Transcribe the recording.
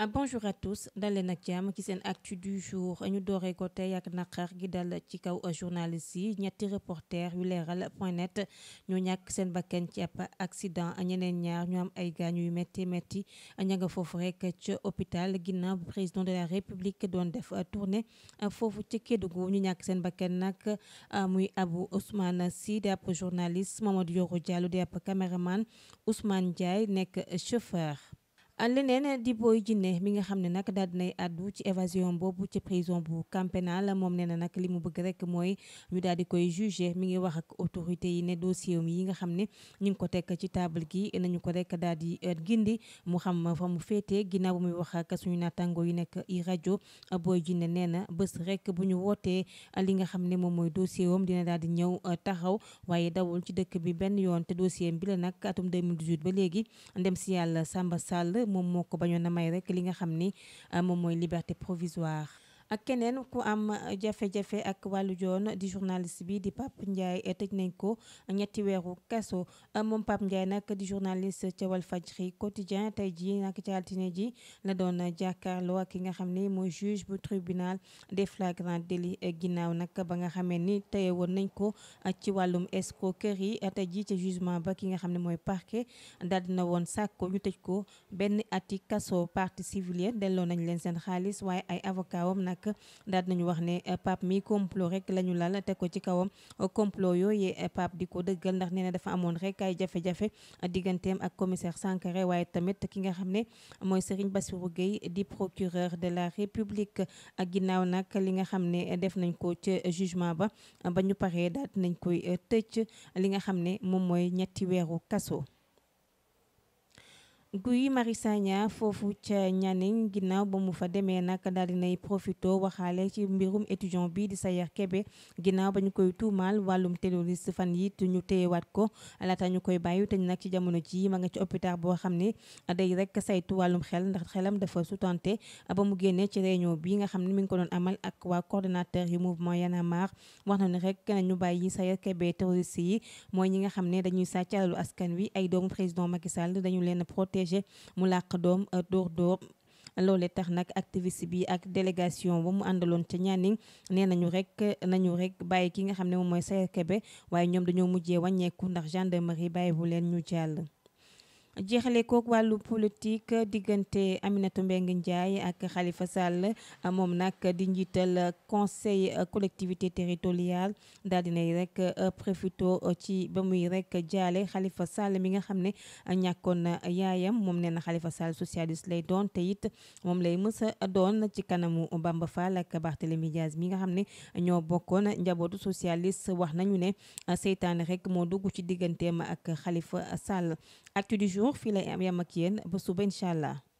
Euh, bonjour à tous daleen ak jàmm ci seen actu du jour ñu dooree ko tey ak naqar gi dal ci kaw journaliste yi ñetti reporter yu leeral point net ñu ñàkk seen bakken ci ab accident ñeneen ñaar ñoom am ay gaañu yu métti métti ña nga foofu rekk ca hôpital ginnaaw bu président de la république doon def tournée foofu ci Kédougou ñu ñàkk seen bakken nag euh, muy Abou Ousmane Sy di ab journaliste Mamadou Yoro Diallo di ab caméraman Ousmane Ndiaye nekk chauffeur leneen di booy Djiné mi nga xam ne nag daal dinay àddu ci évasion boobu ci prison bu Camp Pénal moom nee na nag li mu bëgg rek mooy ñu daal di koy jugé mi ngi wax ak autorité yi ne dossier yi nga xam ne ñu ngi ko teg ci table gi nañu ko rek daal di euh, gindi mu xam fa mu féetee ginnaaw muy wax ak suñu naataango yu nekk i rajo booy Djiné nee na bés rek bu ñu wootee li nga xam ne moom mooy dossier wam dina daal di ñëw euh, taxaw waaye dawul ci dëkk bi benn yoon te dossier bi la nag atum 2018 ba léegi ndem si yàlla Samba Sall moom moo ko bañoon a may rek li nga xam ni euh, moom mooy liberté provisoire ak keneen ku am euh, jafe-jafe ak wàllu joon di journaliste bi di Pape Ndiaye euh, tëj nañ ko ñetti weeru kaso euh, moom Pape Ndiaye nag di journaliste ca Walfadjri quotidien tey ji nag ci altine ji la doon jàkkaarloo ak ki nga xam ne mooy juge bu tribunal de flagrants délits ginnaaw nag ba nga xamee ni teye woon nañ ko ci wàllum escroquerie tey ji ci jugement ba ki nga xam ne mooy parquet daal dina woon sàkko ñu tëj ko benn ati kaso parti civile delloo nañ leen seen xaalis waaye ay avocat ak daal nañu wax ne eh, Pape mi complot rek la ñu lal teg ko ci kawam complot yooyu eh, Pape di ko dëggal ndax nee dafa amoon rek ay jafe-jafe digganteem ak commissaire Sankaré waaye tamit ki nga xam ne mooy Serigne Bassirou Gueye di procureur de la République ak ginnaaw nag li nga xam ne def nañ ko ca jugement ba ba ñu paree daal nañ koy eh, tëcc li nga xam ne moom mooy ñetti weeru kaso. Guy Marius Sagna foofu ca Nianing ginnaaw ba mu fa demee nak daal dinay profito waxaale ci mbirum étudiant bi di Sayer Kebe ginnaaw ba ñu koy tuumaal wàllum terroriste fan yi ñu téyewaat ko laata ñu koy bàyyi te nag ci jamono ji ma nga ci hôpital boo xam ne day rek saytu wàllum xel ndax xelam dafa sutante ba mu génnee ci réunion bi nga xam ne mu ngi ko doon amal ak waa coordonnateur yu mouvement Y'en a marre wax na ne rek nañu bàyyi Sayer Kebe terroriste yi mooy ñi nga xam ne dañuy sàcc alalu askan wi ay doomu président Macky Sall agrégé mu làq doom euh, dóor dóor loole tax nag activiste bi ak délégation ba mu àndaloon ca Nianing nee nañu rek nañu rek bàyyi ki nga xam ne moom mooy Sayer Kébé waaye ñoom dañoo mujjee wàññeeku ndax gendarmerie bàyyi bu leen ñu jàll jeexale kook wàllu politique diggante Aminata mbeng njaay ak xalifa Sall moom nag di njiital conseil collectivité territoriale daal dinay rek euh, profito euh, ci ba muy rek jaale xalifa Sall mi nga xam ne ñàkkoon na yaayam moom nee na Khalifa Sall socialiste lay doon te it moom lay mësa doon ci kanamu Bamba Fall ak Barthélémy Dias mi nga xam ne ñoo bokkoon njabootu socialiste wax nañu ne euh, seytaane rek moo dugg ci digganteem ak xalifa Sall jour fii lay am yam ak yéen ba suba incha allah.